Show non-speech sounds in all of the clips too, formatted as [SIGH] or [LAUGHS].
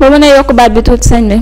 boo mënee yokk baat bi tuuti sëñ bi.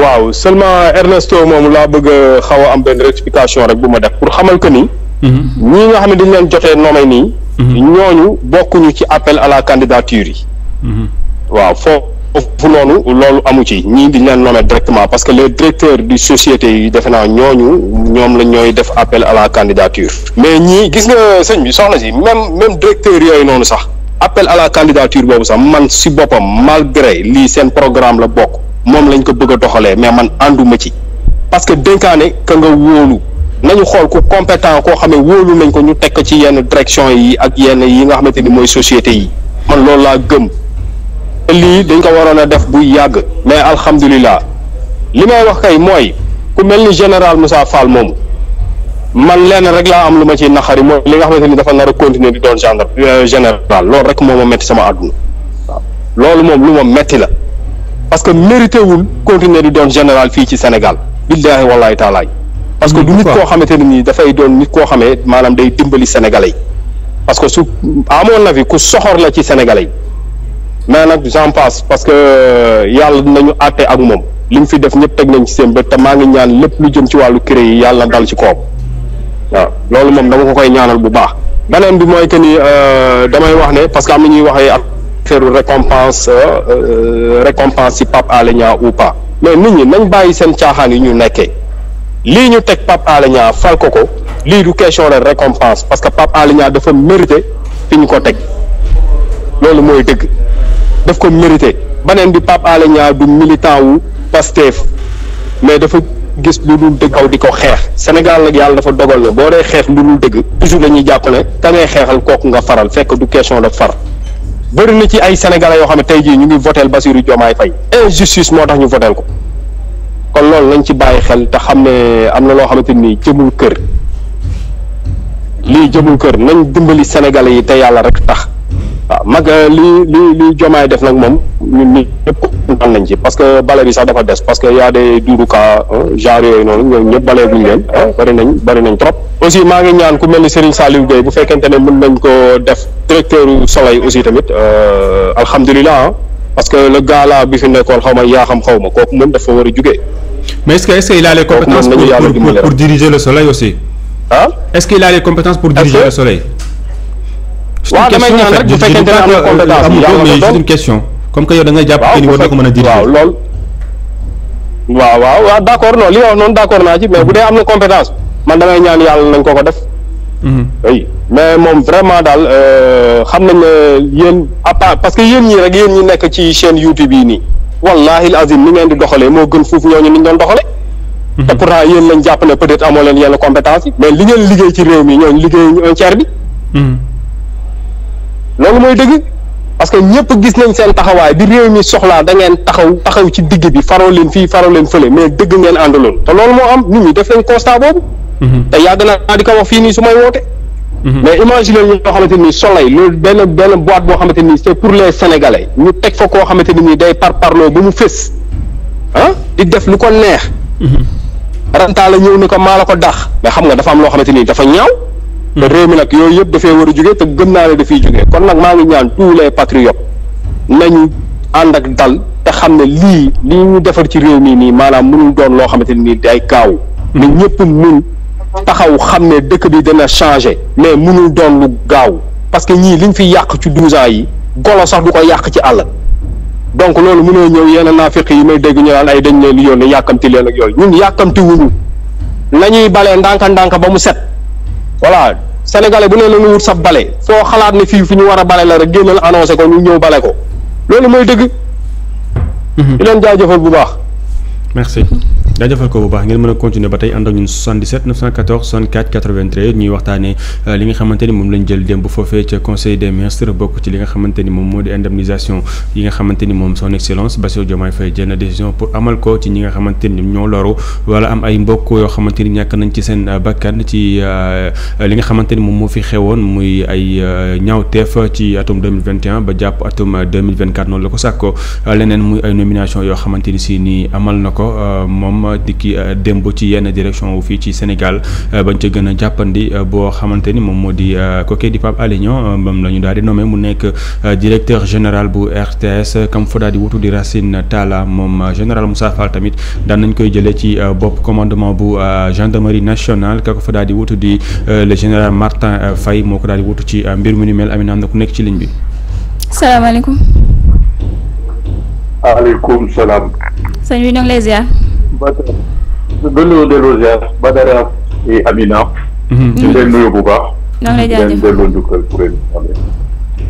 waaw seulement Ernesto moom laa bëgg a xaw a am benn rectification rek bu ma def pour xamal que ni. Mhm. ñii nga xam ne dañ leen jotee noomay nii. Mhm. ñooñu bokkuñu ci appel à la candidature yi. Mhm. waaw foofu noonu loolu amu ci ñii di leen nommer directement parce que les directeurs di société yi defe naa ñooñu ñoom la ñooy def appel à la candidature. mais ñii gis nga sëñ bi soxna si même même directeur yooyu noonu sax. appel à la candidature boobu sax man si boppam malgré lii seen programme la bokk moom lañ ko bëgg doxalee mais man ànduma ci parce que dénkaane ka nga wóolu nañu xool ku compétent koo xam ne wóolu nañ ko ñu teg ko ci yenn direction yi ak yenn yi nga xamante ni mooy société yi man loolu laa gëm lii dañ ko waroon a def bu yàgg mais alhamdulilah li may wax kay mooy ku mel ni général Moussa Fall moomu man lenn rek laa am lu ma ciy naqari mooy li nga xamante ni dafa nar a continuer di doon gendarme euh, loolu rek moom ma metti sama àdduna waaw loolu moom lu ma metti la parce que mérité wul continuer di doon général fii ci Sénégal billaahi wallaahi taalaay parce que du nit koo xamante ne nii dafay doon nit koo xamee maanaam day dimbali sénégalais yi parce que su amoon na fi ku soxor la ci sénégalais yi mais nag j'en passe parce que euh, yàlla dinañu àtte ak moom li mu fi def ñëpp teg nañ ci seen bët maa ngi ñaan lépp lu jëm ci wàllu cré yi yàlla dal ci koob waaw loolu moom dama ko koy ñaanal bu baax beneen bi mooy que ni euh, damay wax ne parce que am na ñuy waxee ak affaire récompense euh, euh, récompense si Pape Alé Niang ou mais nit ñi nañ bàyyi seen caaxaan yi ñu nekkee lii ñu teg Pape Alé Niang fal ko ko lii du question de récompense parce que Pape Alé Niang dafa mérité fi ñu ko teg loolu mooy dëgg daf ko mérité beneen bi Pape Alé du militant wu Pastef mais dafa gis lu dul dëgg kaw di ko xeex Sénégal nag yàlla dafa dogal ne boo dee xeex lu dul dëgg toujours dañuy jàpp ne ka xeexal kooku nga faral fekk du question de far bëri na ci ay sénégalais yoo xam ne tey jii ñu ngi votel Bassirou Diomaye Faye injustice moo tax ñu votel ko kon loolu lañ ci bàyyi xel te xam ne am na loo xamante ni jëmul kër lii jëmul kër nañ dimbali sénégalais yi te yàlla rek tax waaw mag euh, li li li Diomaye def nag moom ñun ñun ñëpp kontaan nañ ci parce que bale bi sax dafa des parce que y a des duuru cas genre yooyu noonu ñoom ñëpp bale guñ leen bëri nañ bëri nañ trop. aussi maa ngi ñaan ku mel ni Serigne saa Gueye bu fekkente ne mën nañ ko def directeur soleil aussi tamit euh, alhamdulilah parce que le gars là bi fi nekkoon xaw ma yaa xam xaw ma kooku moom dafa war a jugee. mais est-ce que est-ce que il a les compétences est-ce a les pour diriger le waaw damay ñaan rek bu fekkente ne am na compétence amul mais c'est une question comme que jàpp na a diriger waaw waaw waaw waaw d' accord non li nga wax noonu mais bu dee am na compétence man damay ñaan yàlla nañ ko ko def mhm. mais moom vraiment daal euh, xam nañ ne yéen à part parce que yéen ñi rek yéen ñi nekk ci chaîne YouTube yi nii wallahi azim ni ngeen di doxalee moo gën foofu ñooñu ni ñu doon doxale mhm. te pourtant yéen lañ jàpp ne peut-être amoo leen yenn compétence yi mais li ngeen liggéey ci réew mi ñooñu liggéey un tiers bi mhm. loolu mooy dëgg parce que ñëpp gis nañ seen taxawaay bi réew mi soxlaa da ngeen taxaw taxaw ci digg bi faroo leen fii faroo leen fële mais dëgg ngeen àndaloon te loolu moo am nit ñi def nañ constat boobu. Mhm. te yàgg naa di ko wax fii nii su may woote. Mhm. mais imagine leen ñoo xamante ni soleil loolu benn benn boîte boo xamante ni c'est pour les sénégalais ñu teg fa koo xamante ni day par parloo ba mu fés ah di def lu ko neex. Mhm. ranta la ñëw ni ko maa la ko dax mais xam nga dafa am loo xamante ni dafa ñaaw. te réew mi nag yooyu yëpp dafee war a jugee te gëm naa ne dafiy jugee kon nag maa ngi ñaan tous les patriotes nañu ànd ak dal te xam ne lii li ñu defar ci réew mii nii maanaam mënul doon loo xamante ni day gaaw ne ñëpp mun taxaw xam ne dëkk bi dana changé mais mënul doon lu gaaw parce que ñii ñu fi yàq ci douze ans yi golo sax du ko yàq ci àll donc loolu munoo ñëw yenn naafiq yi mais dégg ñu naan ay dañ leen yoon yàkkamti leen ak yooyu ñun yàkkamti wuñu nañuy balee ndànka ndànka ba mu set voilà sénégalais bu nee na nga wut sa bale foo xalaat ne fii fi ñu war a bale la rek génnal annoncé ko ñu ñëw bale ko loolu mooy dëgg. Mhm. di leen jaajëfal bu baax. merci. jaajëfal ko bu baax ngeen mën a continuer ba tey ànd ak ñun 77 914 64 93 ñuy waxtaanee euh, li nga xamante moom lañ jël démb foofee ca conseil des ministres bokk ci li nga xamante moom moo di indemnisation yi nga xamante moom son excellence Bassirou Diomaye Faye jël na décision pour amal ko ci ñi nga xamante ñoo loru wala am ay mbokk yoo xamante ni nañ ci seen euh, bakkan ci euh, li nga xamante moom moo fi xewoon muy ay ñaawteef ci atum 2021 ba jàpp atum 2024 noonu la ko sàkko yoo xamante ni si nii na également di ki euh, démb ci yenn direction wu fii ci Sénégal euh, bañ ca gën a jàppandi euh, boo xamante ni moom moo di kooke di Pape Alé Niang moom la ñu daal di nommé mu nekk directeur général bu RTS kam fa daal di wutu di Racine Talla moom général Moussa Fall tamit daan nañ koy jëlee ci bopp commandement bu gendarmerie nationale ka ko fa daal di wutu di le général Martin fay moo ko daal di wutu ci mbir mu ni mel Amina am na ku nekk ci ligne bi. salaamaaleykum. waaleykum salaam. gënoo delloo ziar Badara et Amina. di leen nuyu bu baax. na nga lay jaajëf di leen delloo njukkal kuréel bi.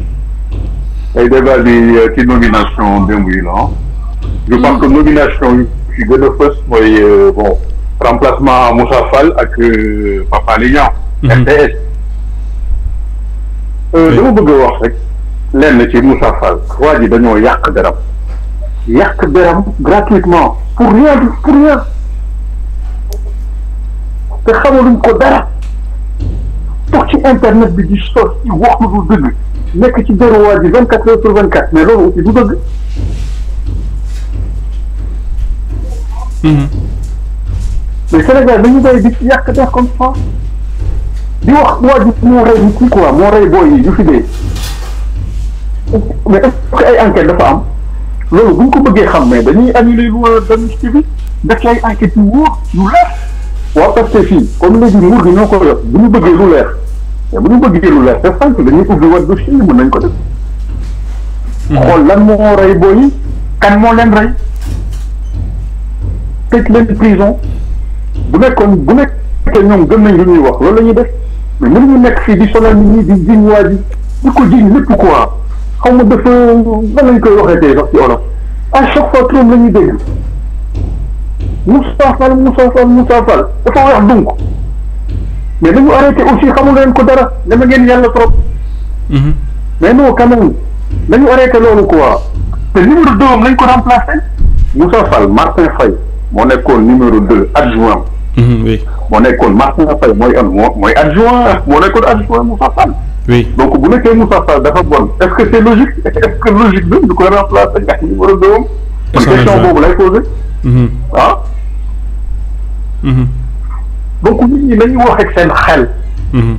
tey débat bi ci nomination démb yi la je pense euh, mhm. que nomination yi fi gën a mooy bon remplacement Moussa Fall ak euh, Papa Alioune. Mhm. Euh, RTS. dama bëgg a wax rek lenn ci Moussa Fall waa ji dañoo yàq deram yàq deram gratuitement. pour rien du pour rien te xamaluñ ko dara toog ci internet bi di sos ci wax lu dul dëgg nekk ci déroulé ji vingt quatre heures sur vingt quatre mais loolu aussi du dëgg. Mm-hmm. mais Sénégal dañu béy di yàq def comme ça di wax waa ji moo rey nit ñi quoi moo rey booy yi yu fi dee mais est-ce que ay enquête dafa am. loolu bu ñu ko bëggee xam mais dañuy annuler loi d'amnistie bi def ci ay enquêtes yu wóor yu leer waa Pastef fii comme léegi nguur gi ñoo ko yor bu ñu bëggee lu leer te bu ñu bëggee lu leer te sànq dañuy ubbi wat dossier yi mën nañ ko def. xool lan moo rey booy kan moo leen rey tëj leen prison bu nekkoon bu nekkee ñoom gëm nañ lu ñuy wax loolu la ñuy def mais mënuñu nekk fii di sonal nit ñi di jiñ waa ji di ko jiñ lépp quoi. xaw ma dafa nan lañ koy waxee tey sax ci olof à chaque fois turam la ñuy dégg Moussa Fall Moussa Fall Moussa Fall dafa wax donc mais dañu arrêté aussi xamul leen ko dara dama ngeen yàlla trop. Mhm. mais non quand même dañu arrêté loolu quoi te numéro deux am nañ ko remplacé Moussa Fall Martin Faye moo nekkoon numéro deux adjoint. Mhm, oui moo nekkoon Martin Faye mooy am mooy adjoint moo nekkoon adjoint Moussa Fall. oui donc bu nekkee Moussa Fall dafa bon est ce que c' est logique est ce que logique bi du ko remplacer ak numéro deux am. man question boobu lay posé. Mm-hmm. ah. Mm-hmm. donc nit ñi nañu wax ak seen xel. Mm-hmm.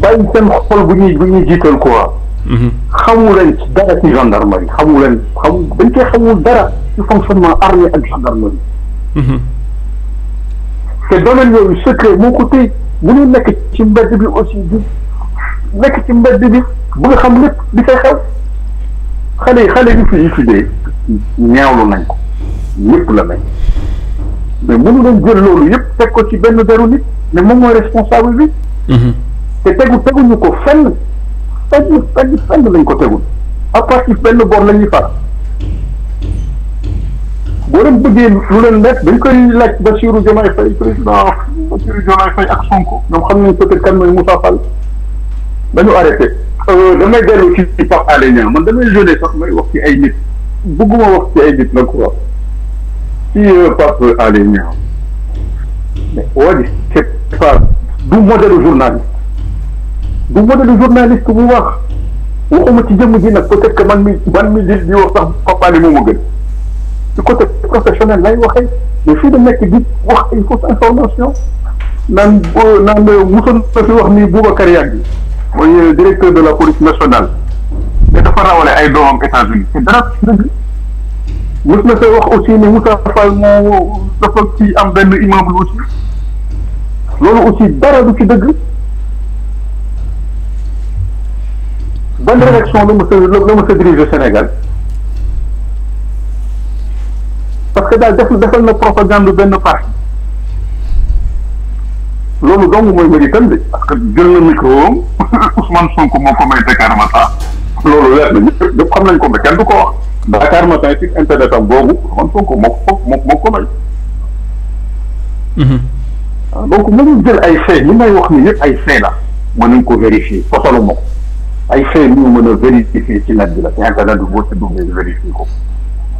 bàyyi seen xol bu ñuy bu ñuy jiital quoi. xamu leen ci dara ci gendarmerie xamu leen xamu dañ koy xamul dara ci fonctionnement armée ak gendarmerie. te domaine yooyu secret moo ko téye bu ñu nekk ci mbedd bi aussi. nekk ci mbedd bi bëgg xam lépp di fay xew xale yi xale yu fi yu fi dee ñaawlu nañ ko ñëpp la nañ mais mënu nañ jël loolu yëpp teg ko ci benn deru nit mais moom mooy responsable bi mhm. te tegu teguñu ko fenn fenn fenn fenn lañ ko tegul à partir benn bor la ñuy far boo leen bëggee lu leen nekk dañ koy laaj Bassirou Diomaye Faye président Bassirou Diomaye Faye ak Sonko ñoom xam nañ peut-être kan mooy Moussa Fall dañu arrêté euh, damay dellu ci ci Pape Alé Niang man damay jeune sax may wax ci ay nit bëgguma wax ci ay nit la ko wax ci euh, Pape Alé Niang mais waa ji c'est pas du modèle journaliste du modèle wax waxuma ci jëmm ji nag peut man mi man mi di di wax sax Pape Alé a gën ci côté professionnel lay waxee mais fii da nekk di wax ay fausse information naan euh, naan mosoon na fi wax ni Boubacar Yàgg mooy directeur de la police nationale te dafa rawale ay doomam États-Unis te dara dëgg mës na sa wax aussi ne Moussa Fall moo dafa ci am benn immeuble aussi loolu ci dëgg ban rédaction la mës a Sénégal parce que daal def defal na propagande benn parti loolu dong mooy méritam de parce que jël na micro Ousmane Sonko moo ko may Dakar loolu leer na ñëpp ñëpp xam nañ ko mais kenn du ko wax. Dakar Matin site internet am boobu Ousmane Sonko moo ko moo moo ko may. Mhm. Ah, donc ay fait li may wax ni yëpp ay fait la. mënuñ ko vérifier fosalu ma ko. ay fait ñu mën a vérifier ci net bi la. yaa ngi ko daan du boo ci duggee vérifier ko.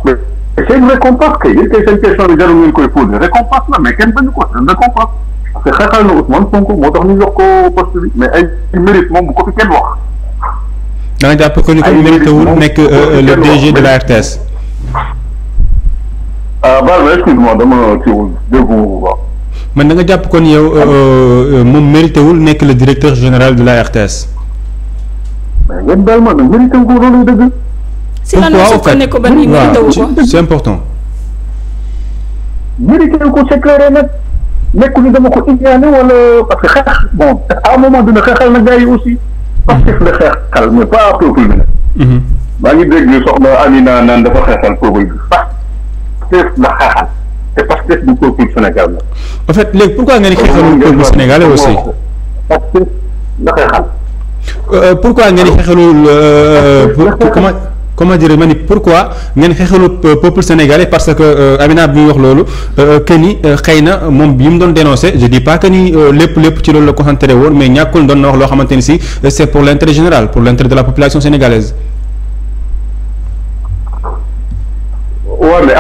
mais c'est une récompense que yéen kay seen question bi jarul ngeen koy posé récompense la mais kenn bañu ko c'est une récompense. te xeexal na Ousmane Sonko moo tax ñu jox ko poste bi mais ay mérite moom bu ko fi kenn wax. da nga jàpp que ni ko mérite euh, wul nekk le DG de la RTS. ah baal ma excuse-moi dama kiiwul déggu bu baax. man da nga jàpp kon yow euh, euh, moom mérite wul nekk le directeur général de la RTS. mais ngeen baal ma nag mérite wu ko loolu dëgg. si lan la sukkandiku ba nii mérite wu ko c'est important. mérite wu ko c'est clair nag. nekku ni dama ko ignané wala parce que xeex bon à un moment donné xeexal na gars yi aussi Pastef la xeexal mais pas peuple bi nag mhm. maa ngi dégg soxna Amina naan dafa xeexal peuple bi Pastef la xeexal te Pastef du peuple Sénégal la en fait léegi pourquoi nga ni xeexalul peuple sénégalais aussi Pastef la xeexal euh, pourquoi nga ni xeexalul euh, comment comment dire ma ni pourquoi ngeen xeexalu euh, peuple sénégalais parce que euh, Amina bi ñu wax loolu euh, que ni xëy na moom bi mu doon dénoncé je dis pas que ni lépp lépp ci loolu la concentré woon mais ñàkkul doon na wax loo xamante ni si c'est pour l'intérêt général pour l'intérêt de la population sénégalaise. waaw mais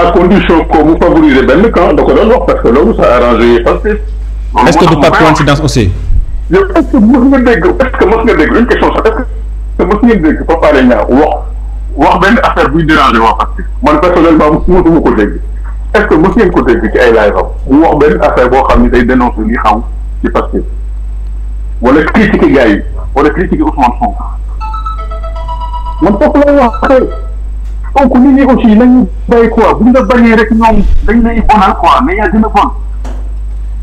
parce que loolu ça arrange Pastef. est-ce que du pas coïncidence aussi. dégg est-ce que mës nga dégg une question sax est wax benn affaire buy déranger waa Pastef man personnellement mosuma ko dégg est ce que mos ngeen ko dégg ci ay live am wax benn affaire boo xam ne day dénoncer li xaw ci Pastef wala critiquer gars yi wala critiquer Ousmane Sonko man foofu lay waxee donc nit ñi aussi nañu bàyyi quoi bu ñu la bañee rek ñoom dañ lay bonal quoi mais yaa gën a bon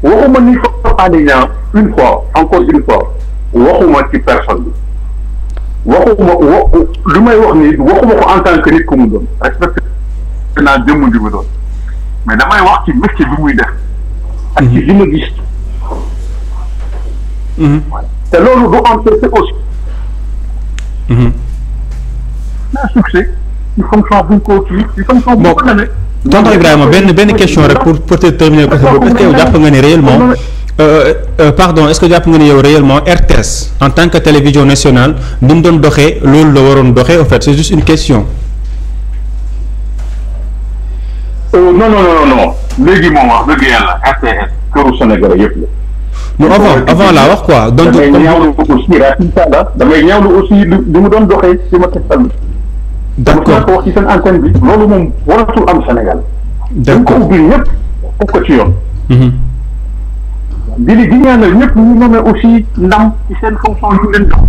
waxuma ni fa Alioune une fois encore une fois waxuma ci personne bi. waxuma wa lu may wax nii waxuma ko en tant que nit ku mu doon respecté naa jëmm wax ci métier bi muy def. ak mhm. loolu du empêcher aussi. Mhm. naa succès ci fonction bu ñu ko kii ci fonction bu ñu ko demee. tonton Ibrahima benn benn question rek pour peut Euh, euh, pardon est-ce que jàpp nga ne yow réellement RTS en tant que télévision nationale ni mu doon doxee loolu la waroon doxee en fait c'est juste une question. Euh, non non non non léegi moom wax dëgg yàlla RTS këru Sénégal yëpp la. non avant avant laa wax quoi. donc damay ñaawlu aussi rajo li mu doon doxee ci ma tegtal. d'accord ko bi. loolu moom waratul am Sénégal. d'accord ko ubbi ñëpp foofu ko ci yoon. Mhm. di li di ñaanal ñëpp ñu nommé aussi ndam ci seen fonction ñu leen jox.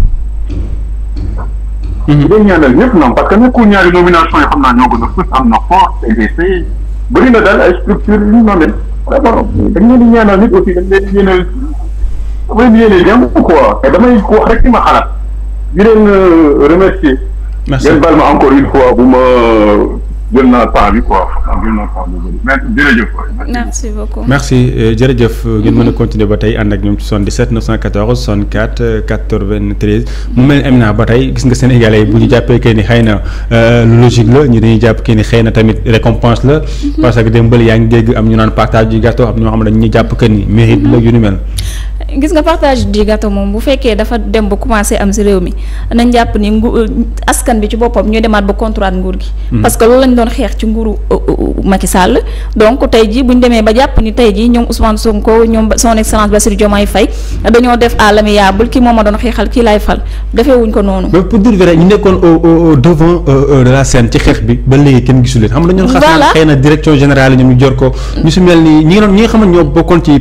Mhm. di leen ñaanal ñëpp ndam parce que nekkul ñaari nomination yi xam naa ñoo gën a fës am na force CDC bëri na daal ay structure yu ñu nommé d'abord dañ leen di ñaanal nit aussi dañ leen di yéenal damay di yéenal jàmm quoi te damay wax rek ci ma xalaat di leen euh, remercier. merci ngeen baal ma encore une fois bu ma. jël naa temps bi quoi merci jërëjëf. merci beaucoup merci euh, jërëjëf. ngeen continuer ba tey ànd ak ñoom ci 77 914 64 93. mu mel ni Amina ba tey gis nga seen yi bu ñu jàppee que ni xëy na euh, lu logique la ñu dañuy jàpp que ni xëy na tamit récompense la. Mhm. parce que démbal yaa ngi dégg am ñu naan partage du gâteau am ñoo xam ne dañuy jàpp que ni mérite la yu ni mel. Mhm. gis nga partage du gâteau moom bu fekkee dafa dem ba commencé am si réew mi nañ jàpp ni ngu askan bi ci boppam ñooy demaat ba contrat nguur gi. Hmm. parce que loolu lañ doon xeex ci nguuru euh, euh, euh, Macky Sall. donc tey jii bu ñu ba jàpp ni tey jii ñoom Ousmane Sonko ñoom son excellence Bassirou Diomaye Faye dañoo def à l'amiable kii moom ma doon xeexal kii laay fal defee wuñ ko noonu. mais pour dire vrai la scène ci xeex bi ba léegi kenn gisul xam nga ñun xas na xëy na direction générale ñoom ñu jor ko. ñu si mel ni ñi nga xam ñoo bokkoon ci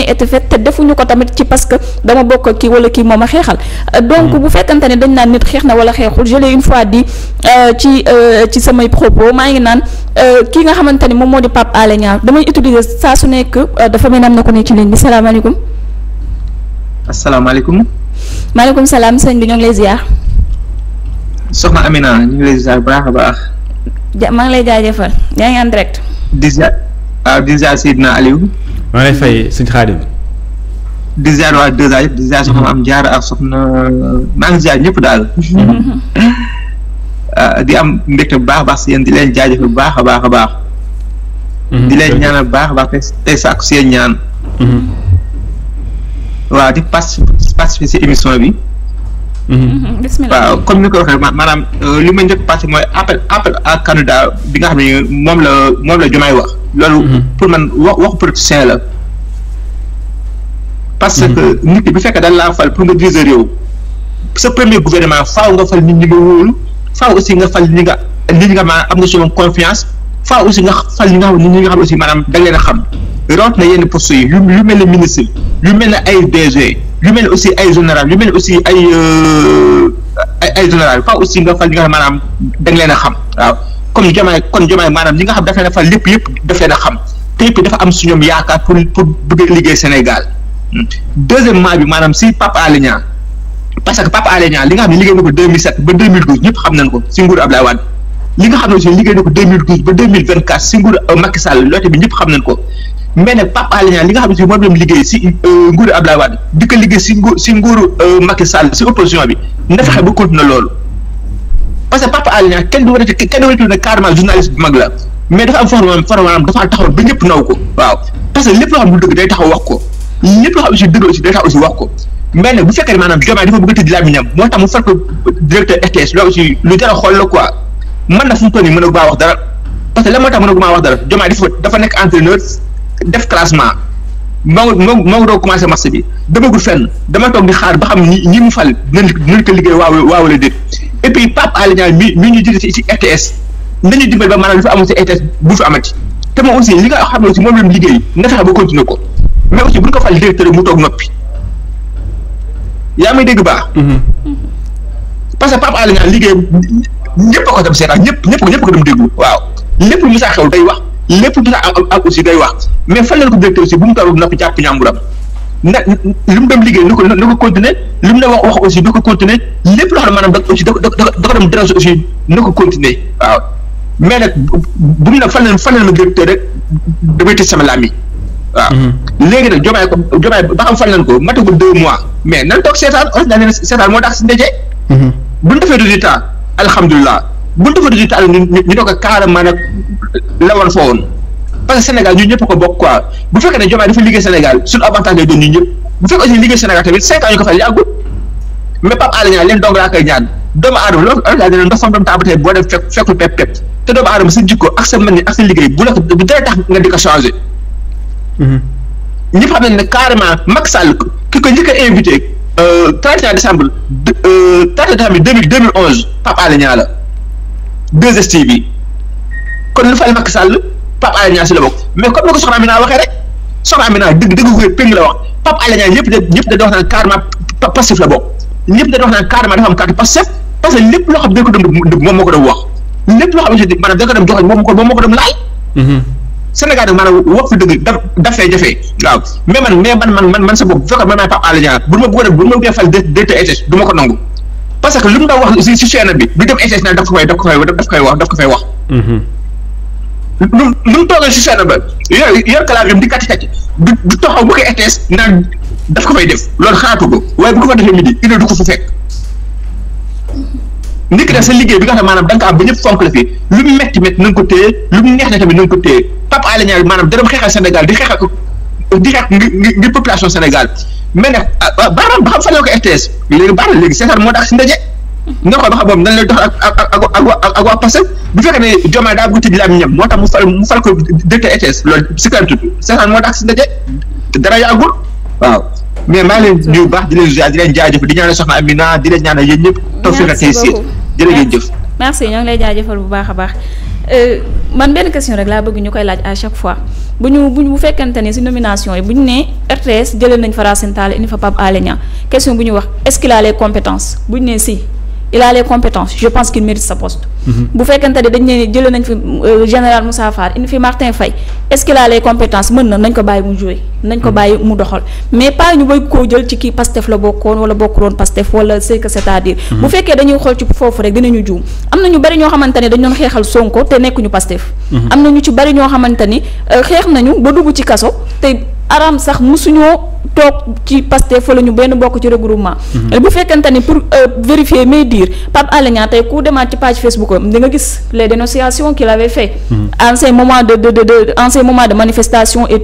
main était faite ko tamit ci parce que dama bokk ki wala kii moom a xeexal donc hmm. bu fekkante ne dañ naan nit xeex na wala xeexul je l'ai une fois dit euh, ci euh, ci samay propos maa ngi naan euh, ki nga xamante ni moom moo di Pape Alé Niang damay utiliser saa su nekk dafa mel am na ko ne ci ligne bi salaamaaleykum asalaamaaleykum maaleykum salaam sëñ bi ñoo ngi lay ziar soxna Amina ñu ngi lay ziar bu baax a baax ja maa ngi lay jaajëfal yaa ngi en direct di ziar waaw ah, di ziar Seydina Aliou maa lay fay sëñ Xaadim. di ziar waa 2A yëpp di ziar soxna am jaar ak soxna maa ngi ziar ñëpp daal. [LAUGHS] Ah, di am mbégte bu baax a baax si yéen di leen jaajëfal bu baax a baax a baax. Mhm, di leen ñaanal bu baax a baax tey sàkku seen ñaan. Mhm. waaw di participer si émission bi. Mhm. bismillah waaw comme ni ko waxee maanaam euh, li ma njëkk a participer mooy appel appel à candidat bi nga xam ne moom la moom la Diomaye wax. loolu mhm. pour man wax wax waxu politicien la parce mhm. que nit ki bu fekkee dañ laa fal pour nga diriger réew sa premier gouvernement faaw nga fal nit ñi nga wóolu faaw aussi nga fal ñi nga nit ñi nga maanaam am nga solo confiance faaw aussi nga fal ñi nga xam nit ñi nga xam aussi maanaam da leen a xam rawat na yenn postes yi yu yu mel ne ministre yu mel ne ay DG lu mel ne aussi ay général yu mel ne aussi ay euh, ay ay général fa aussi nga fal ñi nga xam maanaam da nga leen a xam waaw comme Diomaye kon Diomaye maanaam ñi nga xam daf leen a fal lépp yëpp daf leen a xam te yëpp dafa am su ñoom yaakaar pour a liggéey Sénégal hmm. deuxièmement bi maanaam ko ba 2012 xam nañ ko si nguuru Abdoulaye Wade li nga xam ne liggéey na ko 2012 ba 2024 si nguuru euh, Macky Sall loote bi ñëpp xam nañ ko mais nag Pape Alé li nga xam ne si moom la liggéey si euh, nguuru Abdoulaye Wade di ko liggéey si nguur si nguuru euh, Macky Sall si opposition bi na fexe ba continuer a kenn du war a ne carrément ba ñëpp naw ko waaw parce que lépp taxaw wax ko lépp loo wax ko mais nag bu moo tax mu fal ko directeur RTS lu jar a xool la quoi man na fu mu toll nii mën a wax dara parce la moo tax mën a wax dara Jomaay dafa dafa nekk entraîneur def classement moo moo moo doog commencé marché bi demagul fenn dama toog di xaar ba xam ñi ñi mu fal dinañ dinañ ko liggéey waaw waaw wala déet et puis Pape Alé Niang mi mi ñu jiite ci RTS nañu dimbali ba maanaam lu fi bu fi amati te moom aussi li xam ne aussi moom la ñu liggéey nga fexe ba continuer ko mais aussi bu ñu ko fal directeur mu toog noppi yaa may dégg baax. Mhm. parce que Pape Alé Niang liggéey ñëpp a ko dem seetaan ñëpp ñëpp ñëpp ko dem déglu waaw lépp lu mu saa xew day wax. lépp dina am ak aussi day wax mais fan leen ko directeur aussi bu mu tarul napp jàpp ñàmburam na li mu dem liggéey na ko na ko continuer li mu ne wax wax aussi na ko continuer lépp loo xam ne maanaam da aussi ko da ko na bu mu ne fan leen fan leen ma rek damay tëj sama laam yi waaw mhm. léegi nag jomaay ko jomaay ba xam fan leen ko matagul deux mois mais nan toog seetaan aussi moo ndaje mhm. bu ñu defee résultat alhamdulilah bu defar résultat la ñu ñu doog a carrément nag foo woon parce que Sénégal ñun ñëpp ko bokk quoi bu fekkee ne Diomaye dafa liggéey Sénégal su avantage lay doon ñëpp bu fekkee aussi liggéey Sénégal tamit cinq ans ñu ko fay yàggul mais Pape Alé Niang leen dong laa koy ñaan doomu aadama loolu daal ak sa mel ni ak sa liggéey bu la ko bu dara tax nga di ko changé mhm. ñëpp xam nañ ne carrément Macky Sall ki ko njëkk a invité 31 euh, décembre 31 euh, décembre 2011 Pape Alé Niang la 2STV bi kon lu fal Macky Sall Pape Alé Niang si la bokk mais comme ni ko Soxna Amina waxee rek Soxna ko péng am ne ko doon dëgg moom moo ko doon wax lépp loo xam mm-hmm. jafee waaw mais man mais man man sa bopp bu fekkoon man maay Pape Alé Niang bu ma bëggoon bu ma bëggee fal DTS ko nangu parce que lu mu doon wax si chaîne bi bi dem international daf ko mm-hmm. si chaîne ba yooyu di kàcc kàcc du du daf ko fay def loolu xalaatu ko waaye bu defee midi du ko fa fekk. Mm-hmm. nit ki def sa liggéey bi nga maanaam da am ba ñëpp fonk la fi lu mu métti métti na nga ko téye lu mu neex na tamit na ko téye Pape Alé Niang maanaam da doon xeexal Sénégal di xeexal. direct ngir ngir population Sénégal mais nag ah, ah, Barra ba xam fan ko RTS léegi Barra léegi César moo tax si ndaje. nga xool ba xam boobu nan lay dox ak ak ak ak ak bu fekkee ne Diomaye daa bëgg tëj mu fal mu fal ko directeur RTS loolu si kanam tuuti César moo tax si ndaje dara baax di leen ziar di leen jaajëfal di ñaanal soxna Amina di leen ñaanal yéen ñëpp. toog fi nga tey merci ñoo ngi lay jaajëfal bu baax a baax euh, man benn question rek laa bëgg ñu koy laaj à chaque fois bu ñu bu bu fekkente ne si nomination yi bu ñu nee RTS jëlee nañ Fara Sentale indi fa Pape Alé Niang question bu ñu wax est-ce qu'il a bu ñu nee si. il a les je pense qu'il mérite sa poste. bu fekkente ne dañ ne jële nañ fi euh, général Moussa Fall fi Martin Faye est-ce qu'il a les compétences mën na nañ ko bàyyi mu jouer nañ ko bàyyi mu doxal mais pas ñu bëgg koo jël ci kii Pastef la bokkoon wala bokkuloon Pastef wala c'est que c'est-à-dire. Mm-hmm. bu fekkee dañuy xool ci foofu rek dinañu juum am na ñu bari ñoo xamante ne dañ doon xeexal Sonko te nekkuñu Pastef. Mm-hmm. am na ñu ci bari ñoo xamante ni euh, xeex nañu ba dugg ci kaso te. aram sax mosuñoo toog ci Pastef fa la ñu benn bokk ci regroupement mhm. bu fekkente ni pour euh, vérifier mais dire Pape Alé Niang tey ku demaat ci page Facebook am di nga gis les dénonciations qu'il avait fait mhm. en ces moments de de de en ces de manifestation et